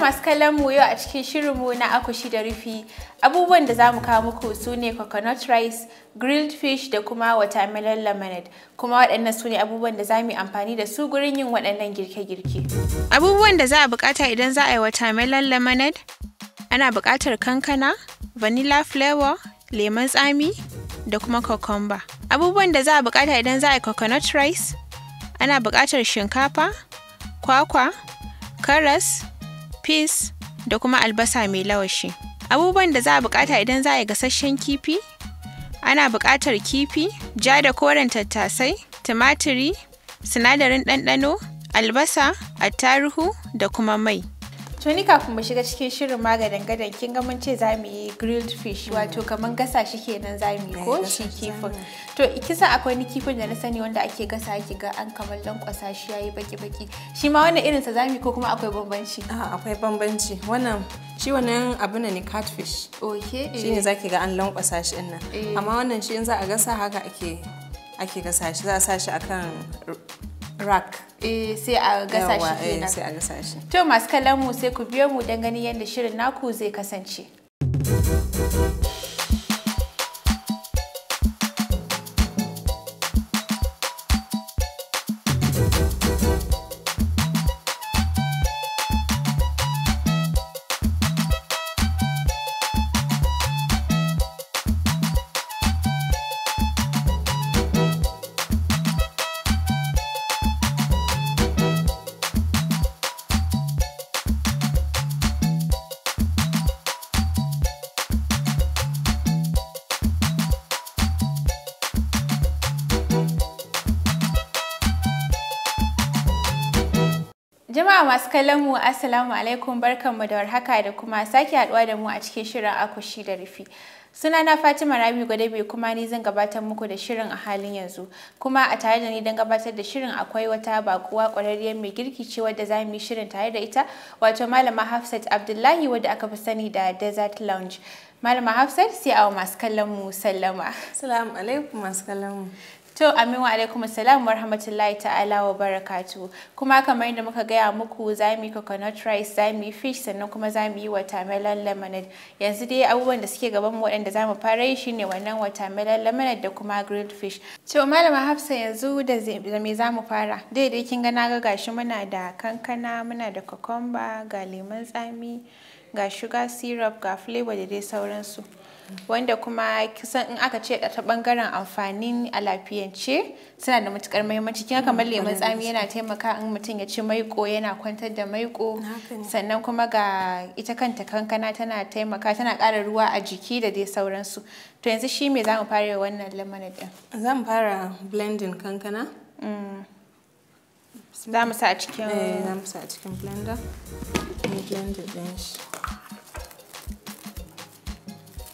masu kallon mu yau a cikin shirinmu na akushi da rufi abubuwan da zamu kawo muku su ne coconut rice grilled fish da kuma watermelon lemonade kuma waɗannan su ne abubuwan da zamu yi amfani da su gurin yin waɗannan girke-girke abubuwan da za a buƙata idan za a yi watermelon lemonade ana buƙatar kankana vanilla flavor lemon tsami da kuma cucumber abubuwan da za a buƙata idan za a yi coconut rice ana buƙatar shinkafa, kwakwa, karas, fis da kuma albasa mai lawashi. Abubuwan da za a buƙata idan za a yi gasasshen kifi, ana buƙatar kifi, ja da koren tattasai, tumatiri, sinadarin ɗanɗano, albasa, attaruhu da kuma mai. tuni kafin mu shiga cikin shirin maganin gadon kin ga mun ce za mu yi grilled fish mm. wato kaman gasa shi kenan za mu yi ko eh, shi kifin to kisa akwai ni kifin da na sani wanda ake gasa ki ga an kamar lankwasa shi yayi baki baki shi ma wannan irin sa za mu yi ko kuma akwai bambanci a akwai bambanci wannan shi wannan abu ne ne catfish okay shi ne zaki ga an lankwasa shi din nan eh. amma wannan shi in za a gasa haka ake ake gasa shi za a sa shi akan rack eh, eh, sai a gasa shi kenan to masu kallon mu sai ku biyo mu dan ganin yadda shirin naku zai kasance masu kallon mu assalamu alaikum barkanmu da warhaka da kuma sake haɗuwa da mu a cikin shirin akushi da rufi. Sunana Fatima Rabi bai kuma ni zan gabatar muku da shirin a halin yanzu. Kuma a tare da ni don gabatar da shirin akwai wata bakuwa ƙwararriyar mai girki ce wadda za mu yi shirin tare da ita wato Malama Hafsat Abdullahi wadda aka fi sani da Desert Lounge. Malama Hafsat sai a masu kallon mu sallama. masu kallon mu. To amin wa alaikum assalam wa rahmatullahi ta'ala wa barakatu. Kuma kamar yadda muka gaya muku za mu yi coconut rice, za mu yi fish sannan kuma za mu yi watermelon lemonade. Yanzu dai abubuwan da suke gaban mu waɗanda za mu fara yi shine wannan watermelon lemonade da kuma grilled fish. To malama Hafsa yanzu da me za mu fara? Daidai kin ga na ga gashi muna da kankana, muna da cucumber, ga lemon tsami, ga sugar syrup, ga flavor da dai sauransu. wanda kuma kisan in aka ce ta bangaren amfanin a lafiyance suna da matukar mahimmanci kin kamar mm, lemun tsami yana taimaka in mutum ya ci maiko yana kwantar da maiko sannan kuma ga ita kanta kankana tana taimaka tana ƙara ruwa a jiki da dai sauransu to yanzu shi me za mu fara wannan lemonade din zan fara blending kankana mm. za mu sa a cikin eh, za blender din shi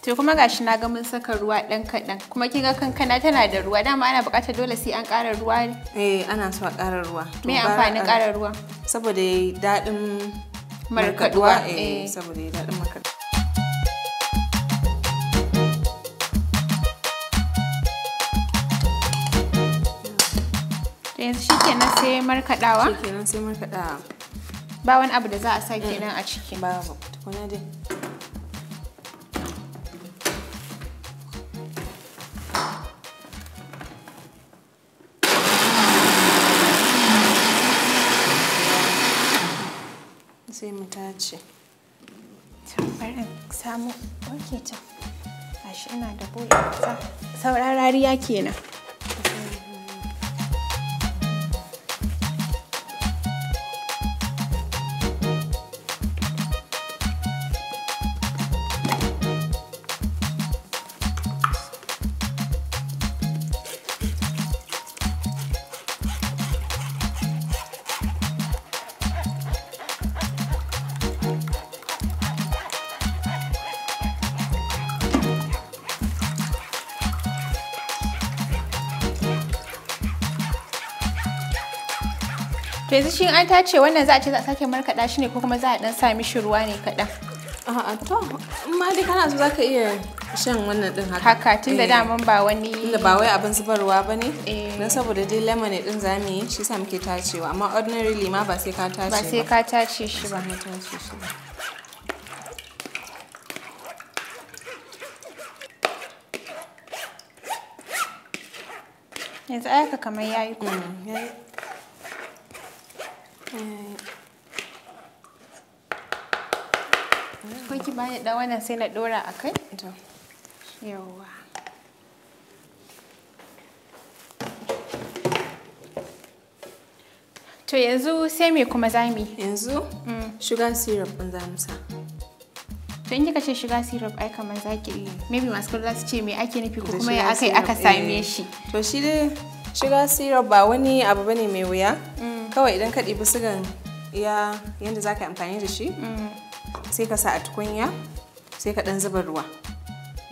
to kuma gashi na ga mun saka ruwa dan kadan kuma kin ga kankana tana da ruwa dama ana buƙatar dole sai an ƙara ruwa eh ana so a ƙara ruwa me amfanin ƙara ruwa saboda daɗin markaduwa eh, eh saboda daɗin markaduwa yanzu shi kenan sai markaɗawa? shi kenan sai markaɗawa ba wani abu da za a sa kenan a ciki eh, ba tukuna dai sai mu tace bari samu wanke ta Ashe ina da boye saura rariya kenan yanzu shi an tace wannan za a ce za a sake markaɗa shi ne ko kuma za a ɗan sa mishi ruwa ne kaɗan a'a to amma dai kana so zaka iya shan wannan ɗin haka haka da eh, daman ba wani tunda ba wai abin zubarwa ne. Eh. don saboda dai lemonade za mu yi shi sa muke tacewa amma ordinary lima ba sai ka tace ba ba sai ka tace shi ba tace shi ba yanzu aika kamar yayi kuma ko ki bani dan wannan sai na dora a kai to to yanzu sai me kuma mu. yanzu mm. sugar syrup din za mu sa to in kika ce sugar syrup ai kamar zaki yi maybe masu kula su ce me ake nufi ko kuma ya akai aka same eh. shi to shi dai sugar syrup ba wani abu bane mai wuya mm. kawai idan ka ɗibi sugan ya yadda za ka yi amfani da shi mm. sai ka sa a tukunya sai ka ɗan zuba ruwa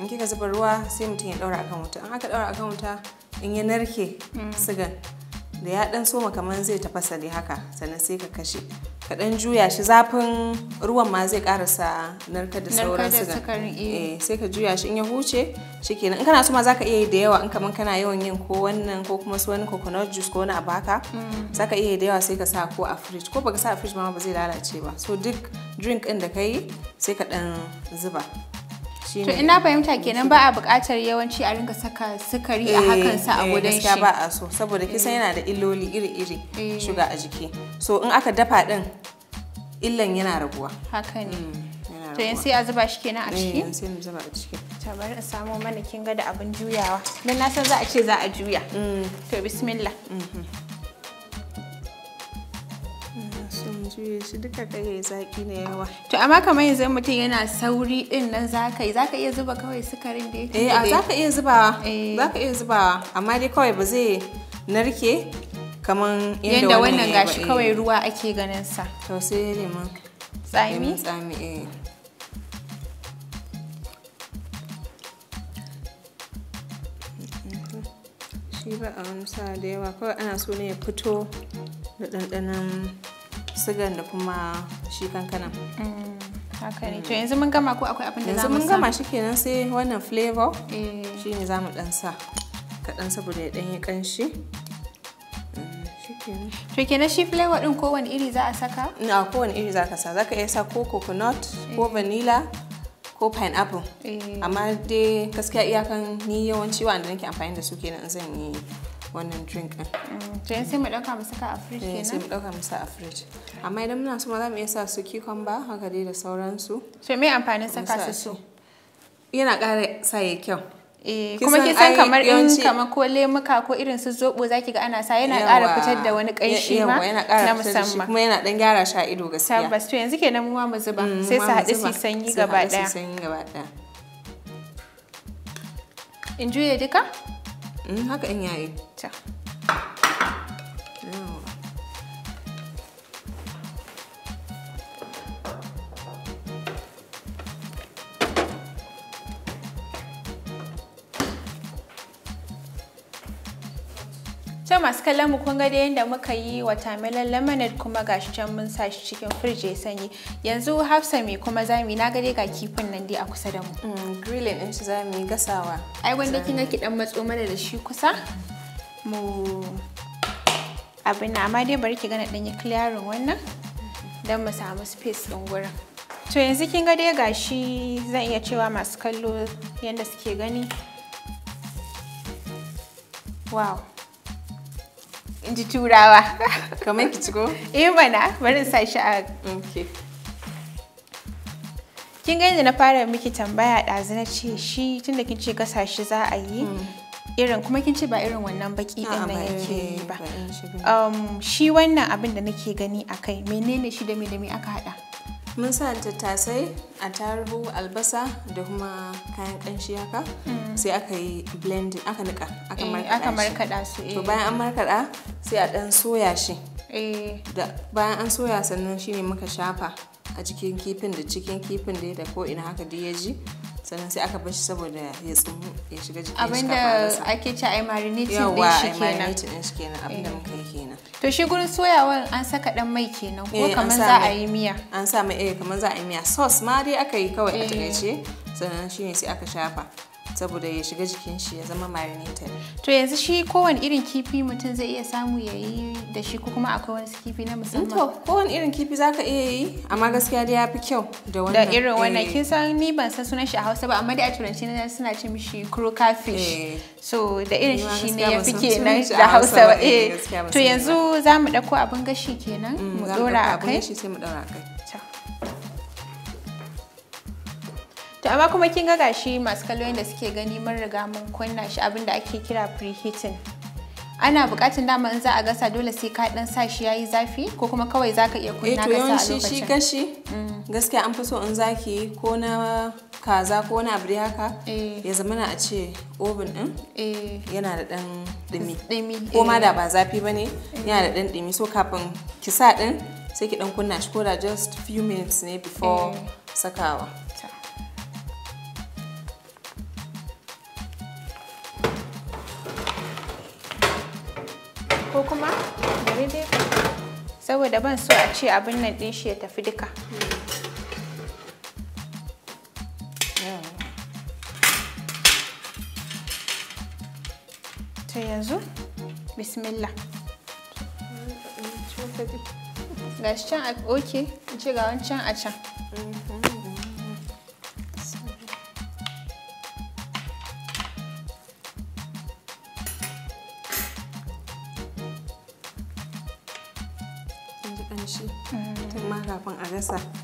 in kika zuba ruwa sai mutum ya ɗaura akan wuta in aka ɗaura akan wuta in ya narke mm. sugan da ya ɗan soma kamar zai tafasa ne haka sannan sai ka kashe kaɗan juya shi zafin ruwan ma zai karasa narkar da sauran sukarin eh. eh sai ka juya shi in ya huce shikenan in kana so ma zaka iya yi da yawa in kaman kana yawan yin ko wannan ko kuma su wani coconut juice ko wani abaka mm. zaka iya yi da yawa sai ka sa ko a fridge ko baka sa a fridge ma ba zai lalace ba so duk drink din da kai sai ka dan zuba to ina fahimta kenan ba a buƙatar yawanci a rinka saka sukari a hakan sa a eh, eh, gudan shi ba a so saboda kisan eh. yana da illoli iri-iri shuga a jiki so in aka dafa din illan yana raguwa haka ne mm, to yan sai a zuba shi kenan a ciki sai zuba a ciki ta bari in samo mana kinga da abin juyawa dan na san za a ce za a juya mm. to bismillah mm-hmm. juye shi duka kai yayi zaki ne yawa to amma kamar yanzu mutum yana sauri din nan ka yi zaka iya zuba kawai sukarin da yake eh ka iya zubawa eh. zaka iya zubawa amma dai kawai ba zai narke kaman yadda wannan gashi eh. kawai ruwa ake ganin sa to sai lemon tsami tsami eh shi ba a wani sa da yawa kawai ana so ne ya fito da ɗanɗanon sigan da kuma shi kankanan mm, haka ne to yanzu mun gama ko akwai abin da za yanzu mun gama shi kenan sai wannan flavor eh. shi ne za mu dan sa dan saboda ya ɗan yi ƙanshi to kenan shi flavor din kowane iri za a saka? na kowane iri za ka sa za ka iya sa ko coconut ko eh. vanilla ko pineapple eh. amma dai gaskiya iyakan ni yawanci wa'anda nake amfani da su kenan zan yi wannan drink din mm, to yin sai mu dauka mu saka a fridge kenan eh, sai mu dauka mu sa a fridge amma idan muna so ma za mu iya sa su cucumber haka dai da sauransu to me amfanin saka su su yana ƙara sa ya kyau eh, kuma kin san kamar in kamar ko lemuka ko irin su zobo zaki ga ana sa yana ƙara fitar da wani ƙanshi ma na musamman kuma yana dan gyara sha ido gaskiya tabbas to yanzu kenan mu mu zuba mm, sai su haɗu su sanyi gaba ɗaya sanyi gaba ɗaya in juye duka mm, haka in yayi все. To masu kallon mu kun ga yadda muka yi watermelon lemonade kuma gashi can mun sa shi cikin firji ya sanyi. Yanzu Hafsa me kuma zami na gade ga kifin nan dai a kusa da mu. Mm, Grilling din shi zami gasawa. Ai wanda kin ga ki dan matso mana da shi kusa? mu abin amma dai bari ki gana ɗanyi clearing wannan don mu samu space ɗin gurin to yanzu kin ga dai gashi zan iya cewa masu kallo yadda suke gani wow in ji turawa kamar ki ciko eh mana bari sa shi a okay kin ga yadda na fara miki tambaya ɗazu na ce shi tunda kin ce gasa shi za a yi mm. irin kuma kin ce ba irin wannan baki din nan yake ba um, shi wannan abin da nake gani a kai menene shi da me da me aka hada mun sa tattasai a taruhu albasa da kuma kayan kanshi haka mm. sai aka yi blending aka nika aka eh, markada su to eh. bayan an markada sai a dan soya shi eh. bayan an soya sannan shine muka shafa a cikin kifin da cikin kifin da ko ina haka da ya ji sannan sai aka bar shi saboda ya tsumu ya shiga jikin shi abinda ake ci a marinating din shi kenan yawa ai din shi kenan abinda eh. muka kai kenan to shi gurin soyawar an saka dan mai kenan ko eh, kamar za a yi miya an sa mai eh kamar za a yi miya sauce ma dai aka yi kawai a eh. takaice sannan shine sai aka shafa saboda ya shiga jikin shi ya zama marinated to yanzu shi kowane irin kifi mutum zai iya samu ya yi da shi ko kuma akwai wasu kifi na musamman to kowane irin kifi zaka iya yi amma gaskiya dai yafi kyau da wannan da irin wannan eh. kin san ni ban san sunan shi a Hausa ba amma dai a turanci na suna ce mishi croaker fish eh. so da irin shi ne yafi kenan da Hausa ba eh, eh to yanzu zamu dauko abin gashi kenan mm, mu dora akai kai. mu dora akai to amma kuma kin ga gashi masu kalloyin da suke gani mun riga mun kunna shi abinda ake kira preheating ana bukatun dama in za a gasa dole sai ka dan sa shi yayi zafi ko kuma kawai zaka iya kunna eh gasa a lokacin to yawanci shi gashi mm. gaskiya an fi so in zaki ko na kaza ko na abu haka eh. ya zama na a ce oven din eh. yana da dan dumi ko ma da ba zafi bane yana da dan dumi so kafin ki sa din sai ki dan kunna shi ko da just few minutes ne before sakawa ko kuma bari dai saboda ban so a ce abin nan din shi ya tafi duka hmm. ta yanzu bismillah ga can a oke ce ga wancan a can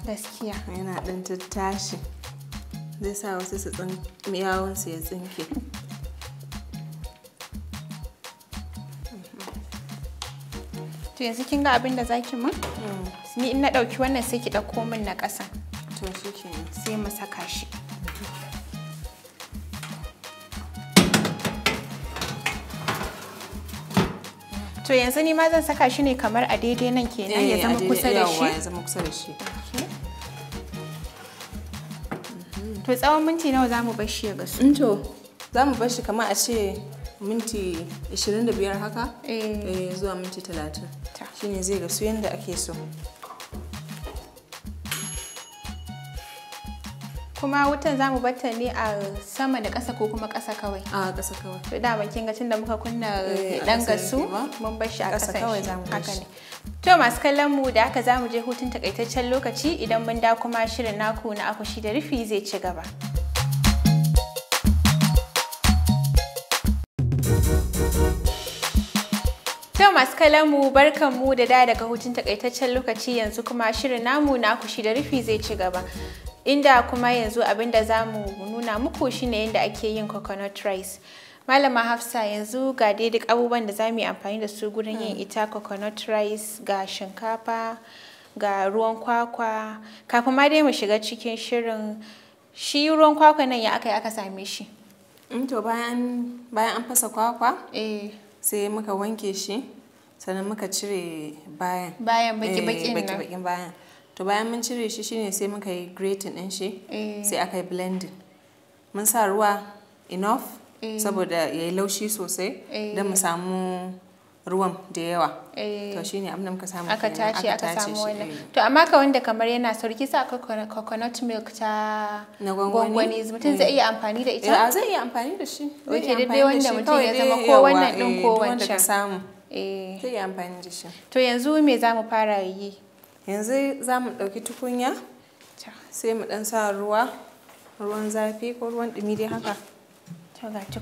gaskiya yana ɗan tattashi zai sa wasu su su ya tsinke to yanzu kin ga abin da zaki mun mm. ni in na ɗauki wannan sai ki ɗauko min na ƙasa to ke sai mu saka shi to yanzu ni ma zan saka shi ne kamar a daidai nan kenan ya eh, zama kusa da shi To tsawon minti nawa za mu bashi ya gasu? Into mm, za mu bashi kamar a ce minti 25 haka eh. eh zuwa minti 30 shine zai gasu yadda ake so. kuma wutan zamu batta ne a sama da ƙasa ko kuma ƙasa kawai a ƙasa kawai to da kin ga tunda muka kunna dan eh, gasu mun bar shi a ƙasa kawai mu haka ne To masu kallon mu da aka zamu je hutun takaitaccen lokaci idan mun da kuma shirin naku na akushi da rufi zai ci gaba. To masu kallon mu barkan mu da da daga hutun takaitaccen lokaci yanzu kuma shirin namu na akushi da rufi zai ci gaba. Inda kuma yanzu abinda mu nuna muku shine yadda ake yin coconut rice. Malama Hafsa yanzu ga duk abubuwan da za mu yi amfani da su gurin yin hmm. ita coconut rice ga shinkafa ga ruwan kwakwa kafin ma dai mu shiga cikin shirin shi ruwan kwakwa nan ya aka yi aka same shi. Mm, to bayan bayan an fasa kwakwa eh. sai muka wanke shi sannan muka cire bayan bayan baki-bakin eh, bayan to bayan mun cire shi shine sai muka yi grating din shi eh. sai aka yi blending mun sa ruwa enough Eh. saboda ya yi laushi sosai eh. don mu samu ruwan da yawa eh. to shine abin muka samu aka tashi aka samu wannan to amma ka wanda kamar yana sarki sa coconut milk ta na gwangwani mutum zai iya amfani da ita zai iya amfani da shi wake da wanda mutum ya zama ko wannan din ko wancan wanda samu eh zai iya amfani da shi to yanzu me za mu fara yi yanzu za mu ɗauki tukunya sai mu ɗan sa ruwa ruwan zafi ko ruwan ɗumi dai haka Tagarci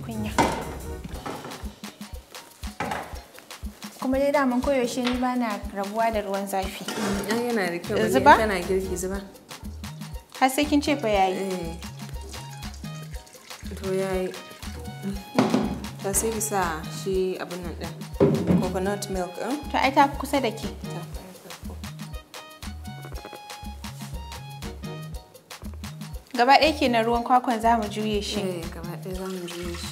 Kuma dai daman koyaushe ni ba na rabuwa da ruwan zafi. An yana da kyau zuba? Tana girki zuba. Har sai kin ce fa yayi. To yayi. Ta sai shi abin nan din. Coconut milk din. To ai ta fi kusa da ke. Gaba ɗaya kenan ruwan kwakwan zamu mu juye shi. Eh, sai za mu juye shi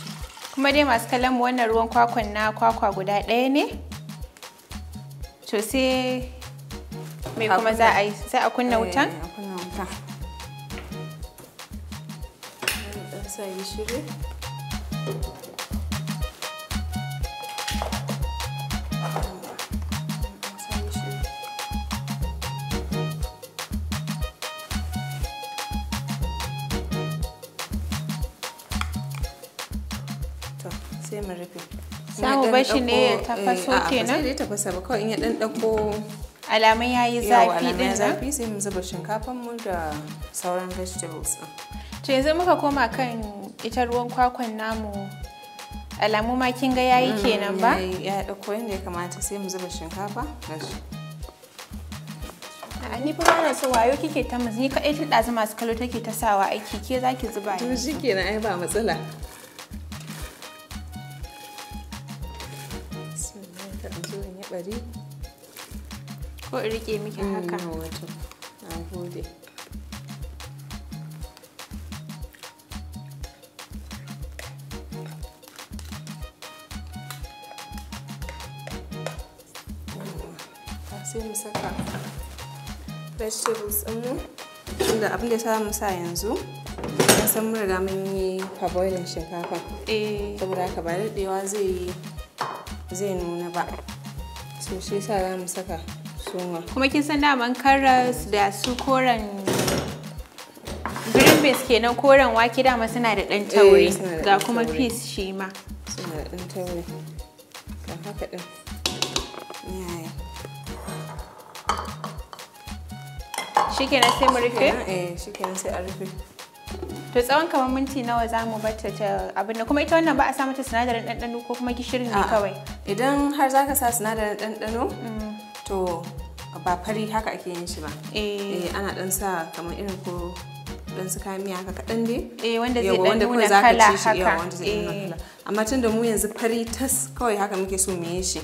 kuma dai masu kallon mu wannan ruwan kwakwan na kwakwa guda ɗaya ne to sai me kuma za a yi sai a kunna eh, wutan a kunna wutan yi gishiri ku shi ne ya tafaso eh, kenan? A'a, tafasa ba kawai in ya dan dauko alamai ya yi zafi din zafi sai mu zuba shinkafan mu da sauran vegetables To yanzu muka koma kan ita ruwan kwakwan namu alamu ma kin ga yayi mm, kenan ba? Ya dauko yanda ya kamata sai mu zuba shinkafa da shi. ni fa bana so wayo kike ta ni kaɗai ta ɗazu masu kallo take ta sawa aiki ke zaki zuba ni. To shikenan ai ba matsala. bari ko in rike miki mm, haka wato na gode sai mu saka vegetables tunda abin da samu sa yanzu san mun riga mun yi parboiling shinkafa eh. saboda haka ba daɗewa zai nuna ba so shi yasa za mu saka suma kuma kin san daman karas da su koren green beans kenan koren wake dama suna da dan tauri eh, ga kuma peas shi ma suna da dan tauri ga haka din yaya shi shikenan sai mu rufe eh shikenan sai a rufe to tsawon kamar minti nawa za mu bata ta abin kuma ita wannan ba a sa mata sinadarin ɗanɗano ko kuma gishirin ne kawai idan har zaka sa sinadarin ɗanɗano mm. to ba fari haka ake yin shi ba eh. Eh, ana ɗan sa kamar irin ko dan su kayan miya haka kaɗan dai eh wanda zai dan nuna kala haka wanda zai nuna kala eh. amma tun da mu yanzu fari tas kawai haka muke so mu yi shi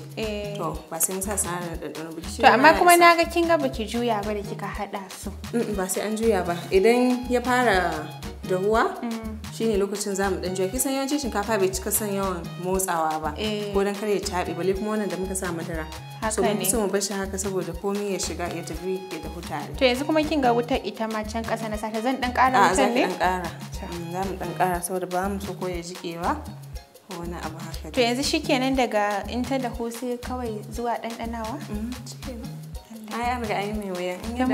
to ba sai mun sa sinadarin ɗanɗano ba to amma kuma na ga kin ga baki juya ba da kika haɗa su ba sai an juya ba idan ya fara dahuwa mm. shine lokacin zamu dan juya kisan yawanci shinkafa bai cika son yawan motsawa ba ko dan kar ya tabe bale kuma wannan da muka sa madara so mun so mu bar shi haka saboda komai ya shiga ya tafi ya tafi tare to yanzu kuma kin ga wutar ita ma can kasa na sata zan dan kara wutar ne a zan dan kara mm, zamu dan kara saboda ba mu so ko ya jikewa wani abu haka to yanzu shikenan daga in ta dahu kawai zuwa dandanawa mm, shikenan ai an riga yi mai wuya inda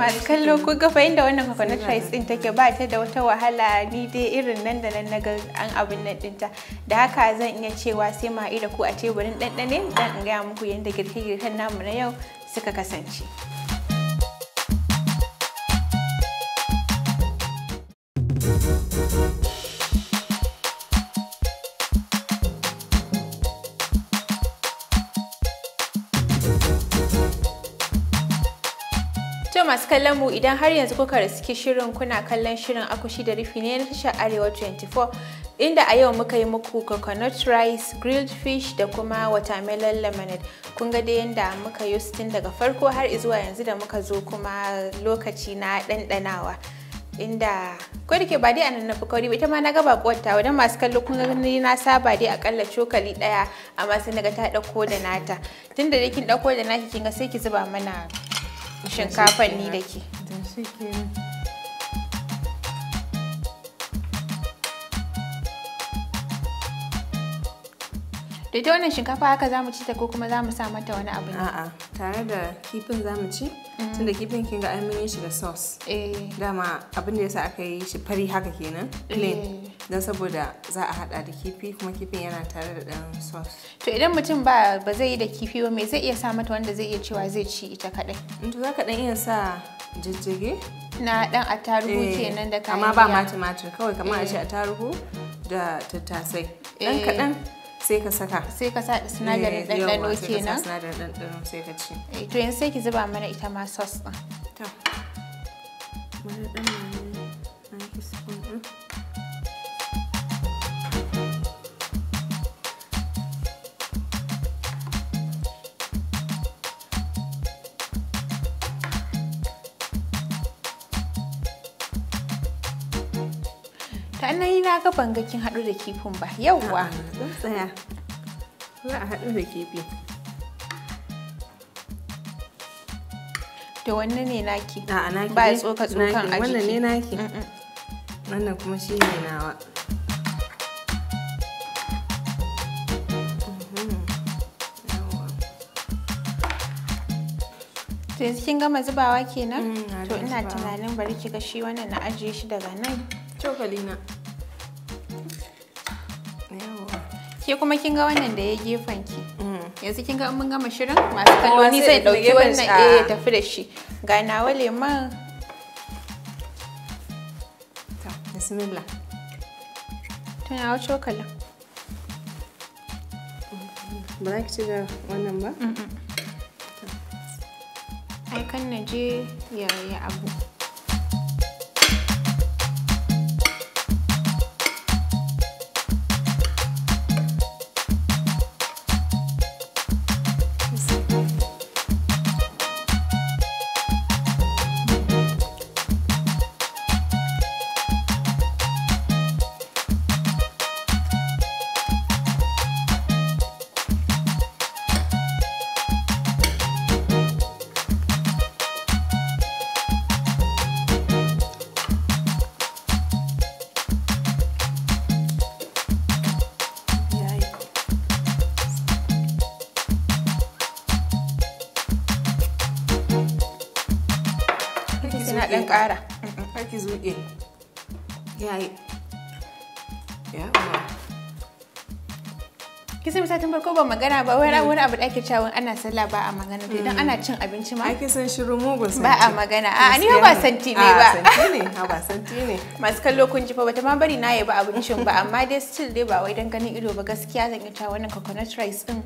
wannan coconut rice din take ba ta da wata wahala ni dai irin nan da nan na ga an abin nan ta da haka zan iya cewa sai ma da ku a teburin ɗanɗane dan in gaya muku yadda girke-girken namu na yau suka kasance. thank you kallon mu idan har yanzu kuka riski shirin kuna kallon shirin akushi da rufi ne na tashar Arewa 24 inda a yau muka yi muku coconut rice, grilled fish da kuma watermelon lemonade. Kun ga dai yadda muka yi tun daga farko har zuwa yanzu da muka zo kuma lokaci na ɗanɗanawa. inda ko da ke ba dai anan na kauri ita ma na ga kwata ta masu kallo kun gani na saba dai akalla cokali daya amma sai naga ta dauko da nata tunda da kin dauko da naki kin ga sai ki zuba mana shinkafan ni da ke. da ita wannan shinkafa haka za mu ci ta ko kuma za mu sa mata wani abu ne a'a tare da kifin za mu ci mm. tunda kifin kin ga an shi da sauce eh dama abin da yasa aka yi shi fari haka kenan plain eh. don saboda za a hada da kifi kuma kifin yana tare da dan sauce to idan mutum ba ba zai yi da kifi ba me zai iya sa mata wanda zai iya cewa zai ci ita kadai in to zaka dan iya sa jijjige na dan attarugu eh. kenan da kayan amma ba ma kawai kamar a ce eh. attarugu da tattasai dan kadan sai ka saka sai ka sa sinadarin eh, ɗanɗano kenan sinadarin ɗanɗano sai ka ci eh, to yanzu sai ki zuba mana ita ma sauce ɗin to ga ban ga kin haɗu da kifin ba yauwa tsaya za a haɗu da kifi to wanne ne naki ba ya tsoka tsokan a jiki wannan ne naki wannan kuma shi ne nawa to yanzu kin gama zubawa kenan mm, to ina tunanin bari ki ga shi wannan na ajiye shi daga nan cokali na ke kuma kin ga wannan da ya gefen ki mm. yanzu kin ga mun gama shirin masu kallo ni zai dauki wannan eh ya tafi da shi ga nawa leman ta bismillah tana wa cokala ba za ki ci da wannan ba ai kan na je ya abu kina dan ƙara kar ki ya misalin farko magana ba mm. wani abu da ake cewa ana sallah ba a magana idan ana mm. cin abinci ma ake san shiru mugun ba a magana a ni ba santi ne ba santi ne ba santi ne masu kallo kun ji fa bata ma bari na yi ba abincin ba amma dai still dai ba wai dan ganin ido ba gaskiya zan yi ta wannan coconut rice din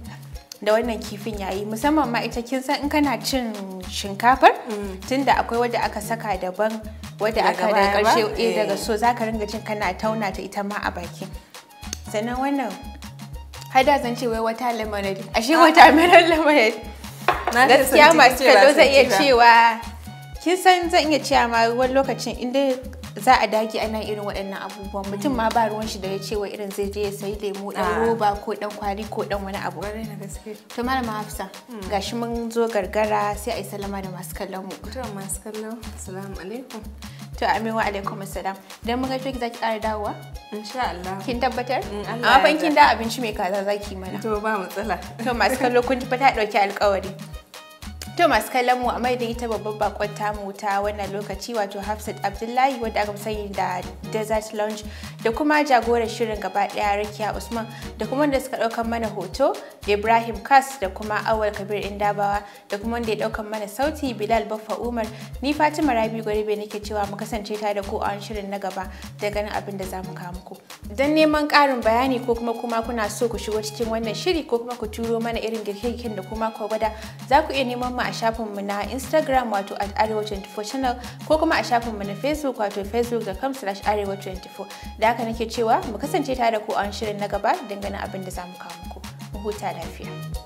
da wannan kifin yayi musamman ma ita kin san in kana cin shinkafar mm. tunda akwai wadda aka saka daban wadda aka da karshe eh daga eh. so zaka ringa cin kana tauna ta ita ma a baki sannan wannan hada zan ce wai wata lemonade ashe ah. wata melon lemonade gaskiya masu kallo zai iya cewa kin san zan iya cewa ma wani lokacin inda za a dage ana irin waɗannan abubuwan mutum ma ba ruwan shi da ya ce wa irin zai je ya sayi lemu ɗan roba ko dan kwari ko dan wani abu to malama hafsa hmm. gashi mun zo gargara sai a yi salama da masu kallon mu to masu kallon assalamu alaikum to amin wa alaikum assalam dan muka ki zaki ƙara dawowa insha Allah kin tabbatar amma fa kin da abinci mai kaza zaki mana to ba matsala to masu kallo kun tabbata fa ta alƙawari To masu kallon mu a madadin ita babban bakon tamu ta wannan lokaci wato Hafsat Abdullahi wadda aka sani da Desert Lounge da kuma jagorar shirin gaba daya Rakiya Usman da kuma wanda suka daukan mana hoto Ibrahim Kas da kuma Awal Kabir Indabawa da kuma wanda ya daukan mana sauti Bilal Baffa Umar ni Fatima Rabi Gwaribe nake cewa mu kasance ta da ku a shirin na gaba da ganin abin da zamu kawo muku. Don neman ƙarin bayani ko kuma kuma kuna so ku shigo cikin wannan shiri ko kuma ku turo mana irin girke-girken da kuma ku gwada za ku iya neman kuma a shafinmu na Instagram wato at Arewa24 channel ko kuma a shafinmu na Facebook wato facebook.com slash arewa24. Da haka nake cewa mu kasance tare da ku a shirin na gaba dangane abin da za mu kawo muku. Mu huta lafiya.